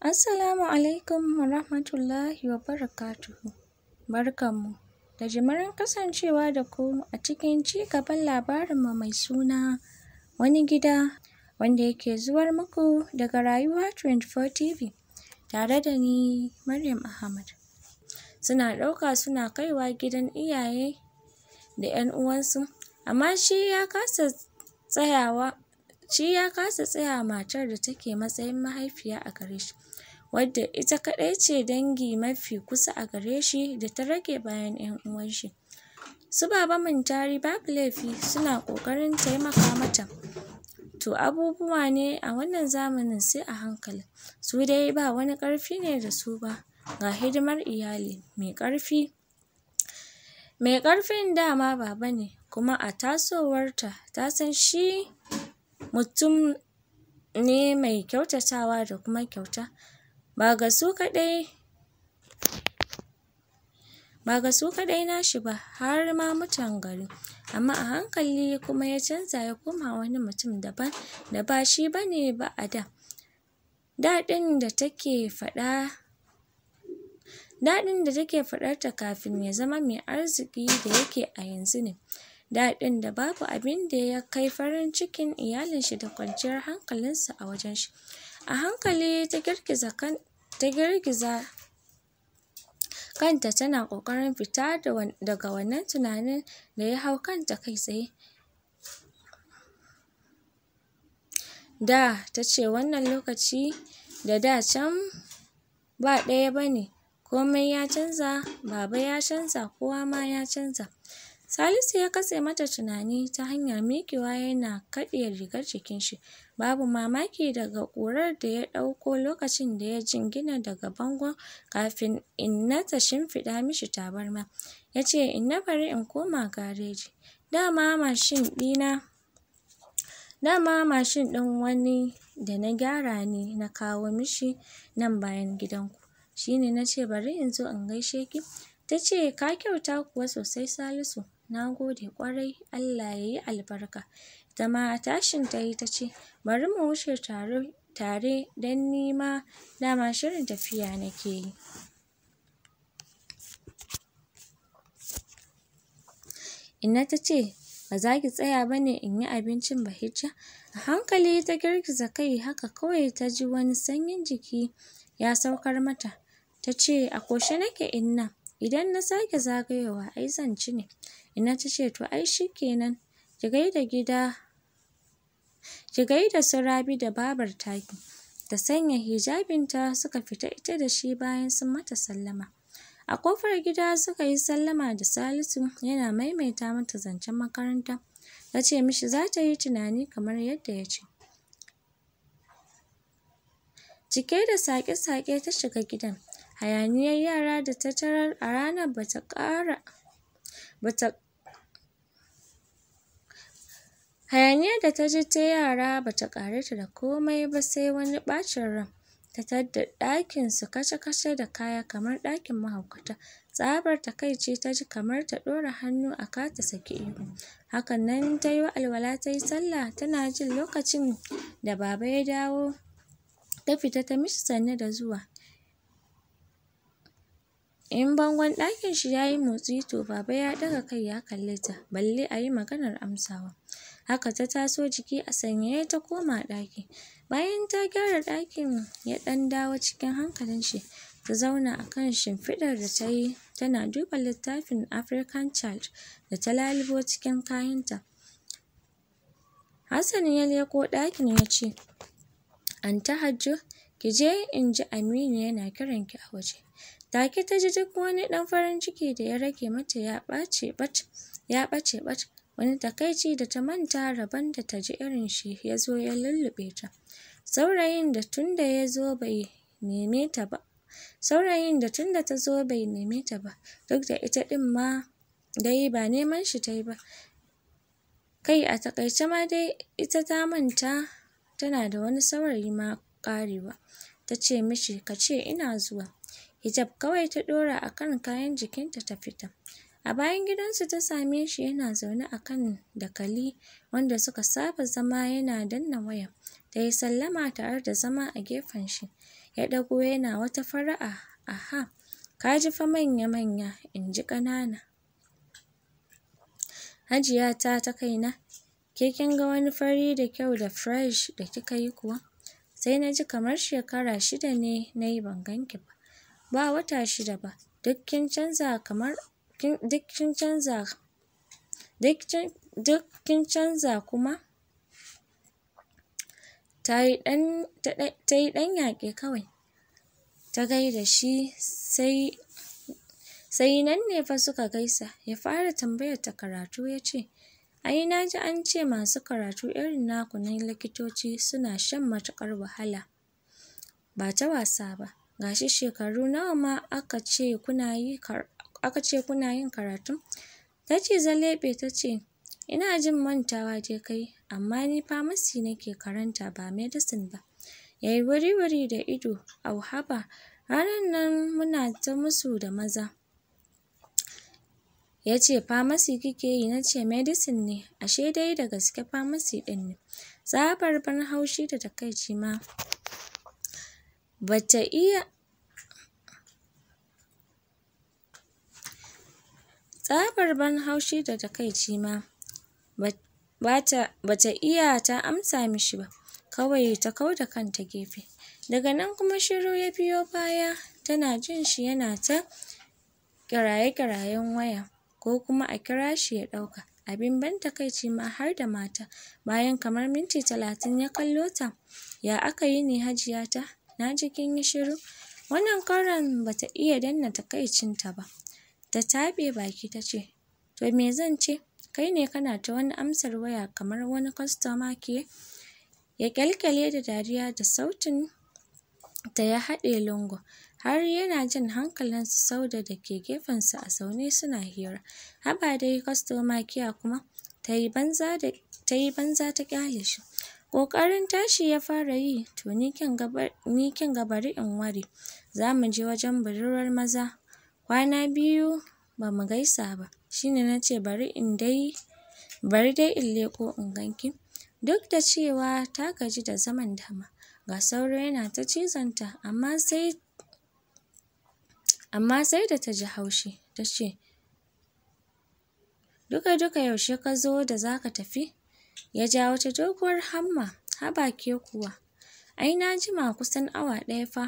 Assalamu alaikum wa rahmatullahi wa Barkanmu da jimarin kasancewa da ku a cikin ci gaban labarinmu mai suna wani gida wanda yake zuwar muku daga Rayuwa 24 TV tare da ni Maryam Ahmad. Suna ɗauka suna kaiwa gidan iyaye da ‘yan uwansu, amma shi ya kasa tsayawa Shi ya kasa tsaya matar da take matsayin mahaifiya a gare shi, wadda ita kaɗai ce dangi mafi kusa a gare shi da ta rage bayan 'yan shi Su Baba mintari babu laifi suna ƙoƙarin taimaka mata. To abubuwa ne a wannan zamanin sai a hankali, su dai ba wani ƙarfi ne da su ba, ga hidimar iyali mai ƙarfi. Mai ƙarfin dama Baba ne, kuma a tasowarta ta san shi mutum ne mai kyautatawa da kuma kyauta ba ga su kaɗai ba ga su kaɗai nashi ba har ma mutan gari amma a hankali kuma ya canza ya koma wani mutum daban da ba shi bane ba a da daɗin da take faɗa daɗin da take faɗarta kafin ya zama mai arziki da yake a yanzu ne daɗin da babu abinda ya kai farin cikin iyalin shi da kwanciyar sa a wajen shi a hankali ta girgiza kan ta girgiza kanta tana ƙoƙarin fita daga wannan tunanin da ya hau kanta kai tsaye da ta ce wannan lokaci da da can ba ɗaya ba ne komai ya canza baba ya canza kowa ma ya canza Salisu ya katse mata tunani ta hanyar miƙewa yana kaɗe rigar jikin shi. Babu mamaki daga ƙurar da ya ɗauko lokacin da ya jingina daga bangon kafin inna ta shimfiɗa mishi tabarma. Ya ce, inna bari in koma gareji. Dama mashin ɗina dama mashin ɗin wani da na gyara ne na kawo mishi nan bayan gidanku. Shi ne na ce bari in zo in gaishe ki. Ta ce ka kyauta kuwa sosai Salisu. na gode ƙwarai Allah ya yi albarka ita ma tashin ta yi ta ce bari mu wuce tare tare don ni ma dama shirin tafiya nake yi inna ta ce ba za ki tsaya ba ne in yi abincin bahijja? a hankali ta girgiza kai haka kawai ta ji wani sanyin jiki ya saukar mata ta ce a koshe nake inna idan na sake zagayowa ai zan ci ne Ina ta ce, to ai shi kenan, ki gaida gida, ki da su rabi da babar taki. Ta sanya hijabinta suka fita ita da shi bayan sun mata sallama. A kofar gida suka yi sallama da Salisu yana maimaita mata zancen makaranta. Ta ce mishi za ta yi tunani kamar yadda ya ce. Cike da sake-sake ta shiga gidan, hayaniyar yara da ta tarar a ranar ba ta Hayaniyar da ta ji ta yara ba ta ƙare ta da komai ba sai wani ɓacin ran. Ta tadda ɗakin su kashe-kashe da kaya kamar ɗakin mahaukata. Tsabar ce ta ji kamar ta ɗora hannu a ka ta saki ihu. Hakan nan ta yi alwala ta yi sallah tana jin lokacin da baba ya dawo ta fita ta mishi da zuwa. In bangon ɗakin shi ya yi motsi to baba ya ɗaga kai ya kalle ta, balle a yi maganar amsawa. haka ta taso jiki a sanyaye ta koma ɗaki bayan ta gyara ɗakin ya ɗan dawo cikin hankalin shi ta zauna a kan shimfiɗar da ta yi tana duba littafin African Child da ta lalubo cikin kayanta. Hassan ya leƙo ɗakin ya ce, Anta Hajjo, ki je in ji Aminu yana kiran ki a waje. Take ta ji duk wani ɗan farin ciki da ya rage mata ya ɓace ɓat, ya ɓace ɓat. wani takaici da ta manta rabon da ta ji irin shi ya zo ya lullube ta saurayin da tunda ya zo bai neme ta ba saurayin da tunda bai neme ta ba duk da ita ɗin ma dai ba neman shi ta yi ba kai a takaice ma dai ita ta manta tana da wani saurayi ma karewa tace mishi kace ina zuwa hijab kawai ta ɗora a kan kayan jikinta ta fita A bayan gidansu ta same shi yana zaune a kan dakali wanda suka saba zama yana danna waya. Ta yi sallama tare da zama a gefen shi. Ya ɗago yana wata fara'a, aha, ka ji fa manya-manya, in ji ƙanana. Hajiya ta ta kaina, ke kin ga wani fari da kyau da fresh da kika yi kuwa? Sai na ji kamar shekara shida ne na yi ban ganki ba, ba wata shida ba, duk kin canza kamar duk kin canza kuma ta yi ɗan yaƙi kawai ta gaida shi sai sai nan ne fa suka gaisa ya fara tambayar ta karatu ya ce ai na ji an ce masu karatu irin naku na likitoci suna shan matuƙar wahala ba ta wasa ba gashi shekaru nawa ma aka ce kuna yi aka ce kuna yin karatu ta ce zalebe ta ce ina jin mantawa dai kai amma ni famasi nake karanta ba medicine ba yayi wuri-wuri da ido au haba ranar nan muna ta musu da maza ya ce famasi kike yi na ce medicine ne ashe dai da gaske famasi ɗin ne tsabar ban haushi da takaici ma bata iya tsabar ban haushi da takaici ma bata bata iya ta amsa mishi ba kawai ta kau da kanta gefe daga nan kuma shiru ya biyo baya tana jin shi yana ta kiraye-kirayen waya ko kuma a kira shi ya ɗauka abin ban takaici ma har da mata bayan kamar minti talatin ya kallo ta ya aka yi ne hajiya ta na ji kin yi shiru wannan karon bata iya danna takaicinta ba ta taɓe baki ta ce to me zan ce kai ne kana ta wani amsar waya kamar wani kwastoma ke ya kyalkyale da dariya da sautin ta ya haɗe lungu har yana jin hankalinsu sau da ke gefensa a zaune suna hira haba dai kwastoma kiya kuma ta yi banza ta kyale shi ƙoƙarin tashi ya fara yi to ni kin gabari in ware za mu je wajen budurwar maza kwana biyu bamu gaisa ba shine nace bari in dai bari dai in leko in ganki duk da cewa ta gaji da zaman dama ga sauro yana ta cizonta amma sai amma sai da taji haushi ta duka duka yaushe ka zo da zaka tafi ya ja wata doguwar hamma haba ke kuwa ai na jima kusan awa ɗaya fa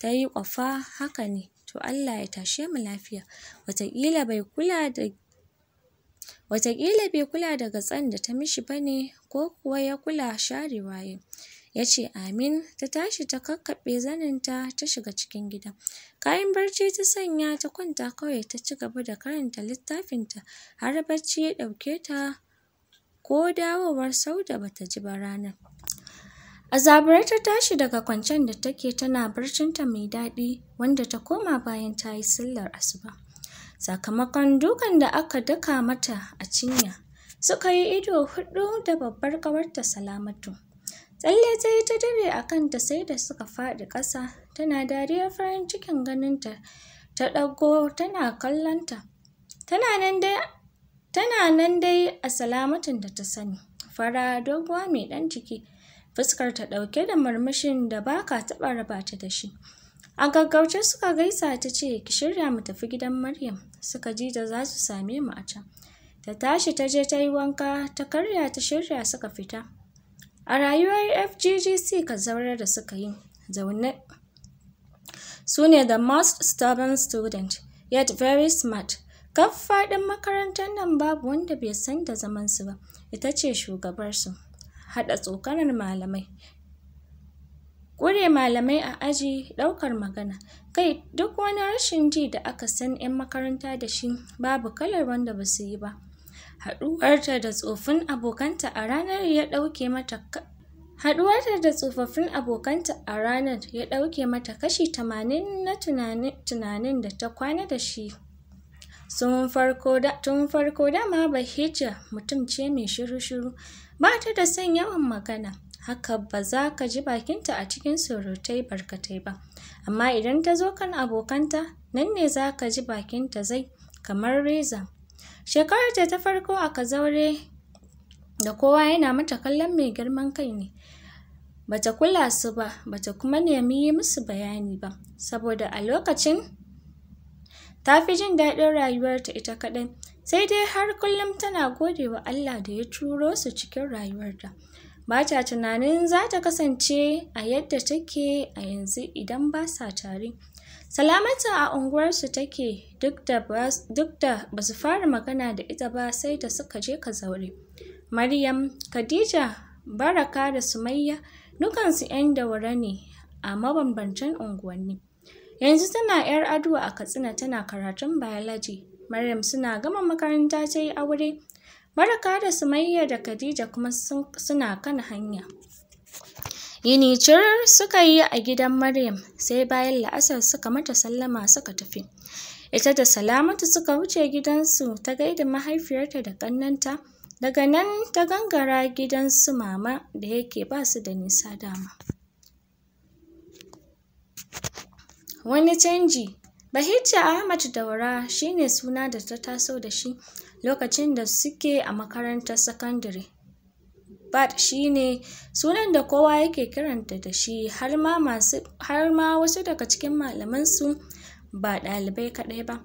tayi yi ƙwafa haka ne to Allah ya tashe mu lafiya wataƙila bai kula da wataƙila bai kula da gatsan da ta mishi bane ko kuwa ya kula share waye ya ce amin ta tashi ta kakkaɓe zaninta ta ta shiga cikin gida kayan barci ta sanya ta kwanta kawai ta ci gaba da karanta littafinta har barci ya ɗauke ta ko dawowar sauda bata ji ba ranar A ta tashi daga kwancen da take tana barcinta mai daɗi wanda ta koma bayan ta yi sallar asuba. Sakamakon dukan da aka daka mata a cinya suka yi ido hudu da babbar ƙawarta salamatu. Tsalle ta yi ta dare a kanta sai da suka faɗi ƙasa tana dariyar farin cikin ganinta ta ɗago tana kallonta. Tana nan dai a salamatin da ta sani. Fara doguwa mai ɗan ciki. fuskar ta ɗauke da murmushin da ba ka taɓa raba ta da shi. A gaggauce suka gaisa ta ce, ki shirya mu tafi gidan Maryam, suka ji da za su same mu a can. Ta tashi ta je ta yi wanka, ta karya ta shirya suka fita. A rayuwar FGGC ka zaurar da suka yi, zaune. Su ne the most stubborn student, yet very smart. Kaf faɗin makarantar nan babu wanda bai san da zamansu ba, ita ce shugabarsu. haɗa tsokanar malamai ƙure malamai a aji ɗaukar magana kai duk wani rashin ji da aka san 'yan makaranta da shi babu kalar wanda ba su yi ba haɗuwarta da tsofin abokanta a ranar ya ɗauke mata haɗuwarta da tsofaffin abokanta a ranar ya ɗauke mata kashi tamanin na tunanin da ta kwana da shi Tun farko dama Bahija mutum ce mai shiru-shiru, ba ta da son yawan magana, haka ba za ka ji bakinta a cikin surutai barkatai ba. Amma idan ta zo kan abokanta, nan ne za ka ji bakinta zai kamar reza. Shekararta ta farko a kazaure da kowa yana mata kallon mai girman kai ne. Bata kula su ba, bata kuma nemi yi musu bayani ba, saboda a lokacin ta fi jin daɗin rayuwarta ita kaɗai sai dai har kullum tana gode wa Allah da ya turo su cikin rayuwarta ba ta tunanin za ta kasance a yadda take a yanzu idan ba sa tare salamata a unguwarsu take duk da ba su fara magana da ita ba sai da suka je ka zaure maryam khadija baraka da sumayya dukansu 'yan daura ne a mabambantan unguwanni Yanzu tana 'yar adua a Katsina tana karatun biology. Maryam suna gama makaranta ta yi aure. Baraka da Sumayya da Khadija kuma suna kan hanya. Yini cir suka yi a gidan Maryam sai bayan la'asar suka mata sallama suka tafi. Ita da Salamatu suka wuce gidansu ta gaida mahaifiyarta da ƙannanta. Daga nan ta gangara gidansu mama da yake ba su da nisa dama. Wani canji Bahijja Ahmad Daura shi ne suna da ta taso da shi lokacin da suke a makarantar sakandare. Bad shi ne sunan da kowa yake kiranta da shi har ma, wasu daga cikin malamansu ba ɗalibai kaɗai ba.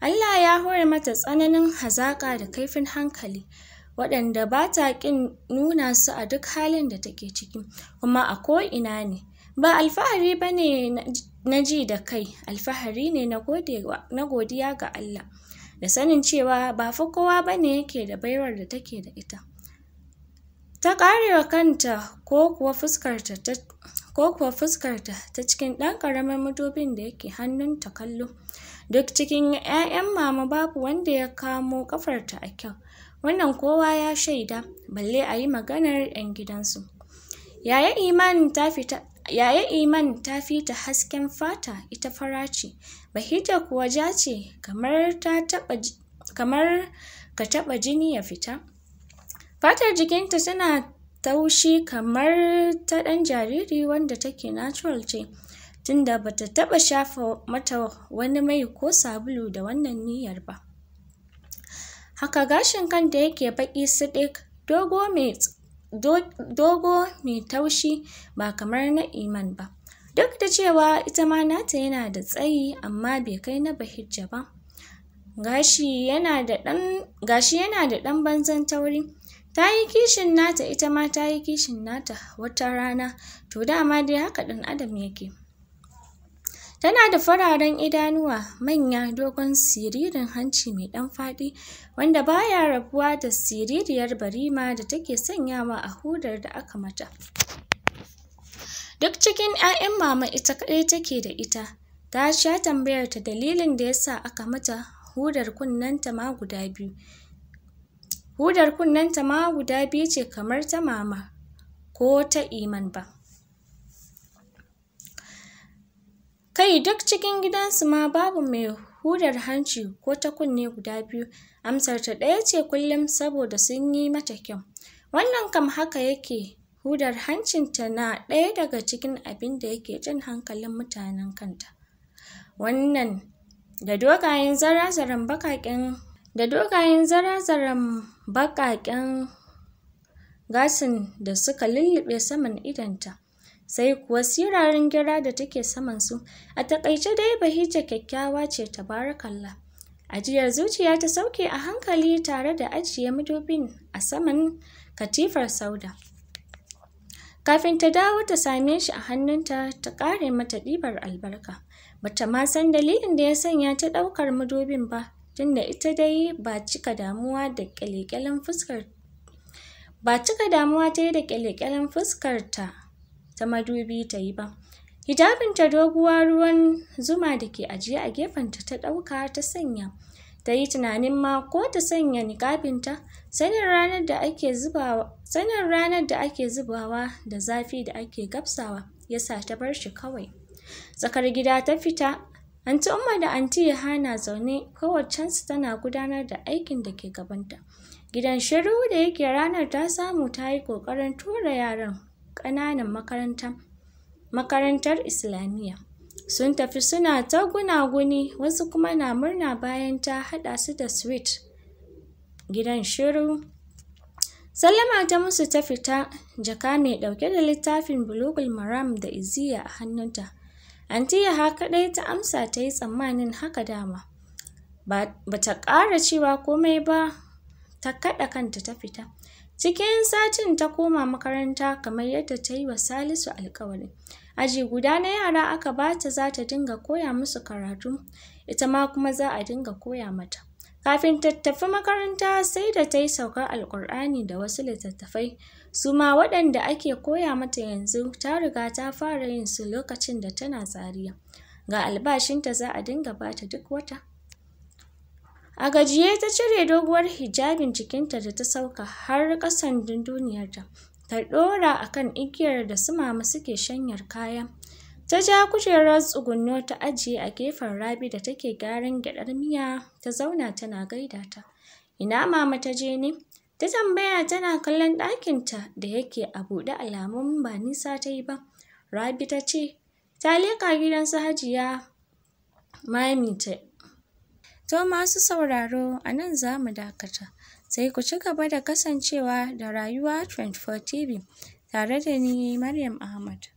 Allah ya hore mata tsananin hazaƙa da kaifin hankali. waɗanda ba ta ƙin nuna su a duk halin da take ciki kuma a ina ne ba alfahari ba ne na ji da kai alfahari ne na godiya ga Allah da sanin cewa ba fa kowa ba ne yake da baiwar da take da ita ta ƙarewa kanta ko kuwa fuskarta ta cikin ɗan ƙaramin madubin da yake hannunta kallo duk cikin 'ya'yan mama babu wanda ya kamo ƙafarta a kyau wannan kowa ya shaida balle a yi maganar 'yan gidansu yaya imanin ta fita Yaya Iman ta fita hasken fata ita fara ce, Bahija kuwa ja ce kamar ka taɓa jini ya fita. Fatar jikinta tana taushi kamar ta ɗan jariri wanda take natural ce, tunda ba ta taɓa shafa mata wani mai ko sabulu da wannan niyyar ba. Haka gashin kanta yake baƙi sidik dogo mai dogo mai taushi ba kamar na iman ba duk da cewa ita ma nata yana da tsayi amma bai kai na bahijja ba gashi yana da ɗan banzan tauri ta yi kishin nata ita ma ta yi kishin nata wata rana to dama dai haka ɗan adam yake Tana da fararen idanuwa manya dogon siririn hanci mai ɗan faɗi wanda baya rabuwa da siririyar barima da take sanyawa a hudar da aka mata. Duk cikin 'ya'yan mama ita kaɗai take da ita. Ta sha tambayar ta dalilin da yasa aka mata hudar kunnenta ma guda biyu. Hudar kunnenta ma guda biyu ce kamar ta mama ko ta iman ba. Kai duk cikin gidansu ma babu mai hudar hanci ko ta kunne guda biyu, ta ɗaya ce kullum saboda sun yi mata kyau. Wannan kam haka yake, hudar hancin ta na ɗaya daga cikin abin da yake jin hankalin mutanen kanta. Wannan da dogayen zarazaran baƙaƙen da dogayen zarazaran gasin da suka lullube saman idonta. sai kuwa sirarin gira da take samansu a takaice dai bahija kyakkyawa ce ta tabarakallah ajiyar zuciya ta sauke a hankali tare da ajiye madubin a saman katifar sauda kafin ta dawo ta same shi a hannunta ta ƙare mata ɗibar albarka bata ma san dalilin da ya sanya ta ɗaukar madubin ba tunda ita dai ba cika damuwa da fuskar ba cika damuwa ta yi da ƙyalƙyalin fuskarta ta madubi ta yi ba. Hijabinta doguwa ruwan zuma da ke ajiye a gefenta ta ɗauka ta sanya. Ta yi tunanin ma ko ta sanya niƙafinta. sanin ranar da ake zubawa da zubawa da zafi da ake gabsawa ya sa ta bar shi kawai. Tsakar gida ta fita Anti Umma da Anti Yohana zaune kowaccensu tana gudanar da aikin da ke gabanta. Gidan shiru da yake ranar ta samu ta yi ƙoƙarin tura yaran ƙananan makaranta makarantar islamiyya sun tafi suna ta gunaguni wasu kuma na murna bayan ta haɗa su da sweet gidan shiru sallama ta musu ta fita jaka mai ɗauke da littafin bulugul maram da iziya a hannunta antiya haka kaɗai ta amsa ta yi tsammanin haka dama ba ta ƙara cewa komai ba ta kaɗa kanta ta fita Cikin satin ta koma makaranta kamar yadda ta yi wa Salisu alkawari. Aji guda na yara aka ba ta za ta dinga koya musu karatu, ita ma kuma za a dinga koya mata. Kafin ta tafi makaranta sai da ta yi saukar Alƙur'ani da wasu littattafai, su ma waɗanda ake koya mata yanzu ta riga ta fara yin su lokacin da tana tsariya. Ga albashinta za a dinga ba ta duk wata. A gajiye ta cire doguwar hijabin jikinta da ta sauka har ƙasan dunduniyarta, ta ɗora a kan igiyar da su mama suke shanyar kaya. Ta ja kujerar tsugunno ta ajiye a gefen rabi da take gyaran gyaɗar miya, ta zauna tana gaida ta. Ina mama ta je ne? Ta tambaya tana kallon ɗakinta da yake a buɗe alamun ba nisa ta yi ba. Rabi ta ce, ta leƙa gidan su hajiya Mami ta. To masu sauraro a nan za mu dakata, sai ku ci gaba da kasancewa da Rayuwa 24 TV tare da ni Maryam Ahmad.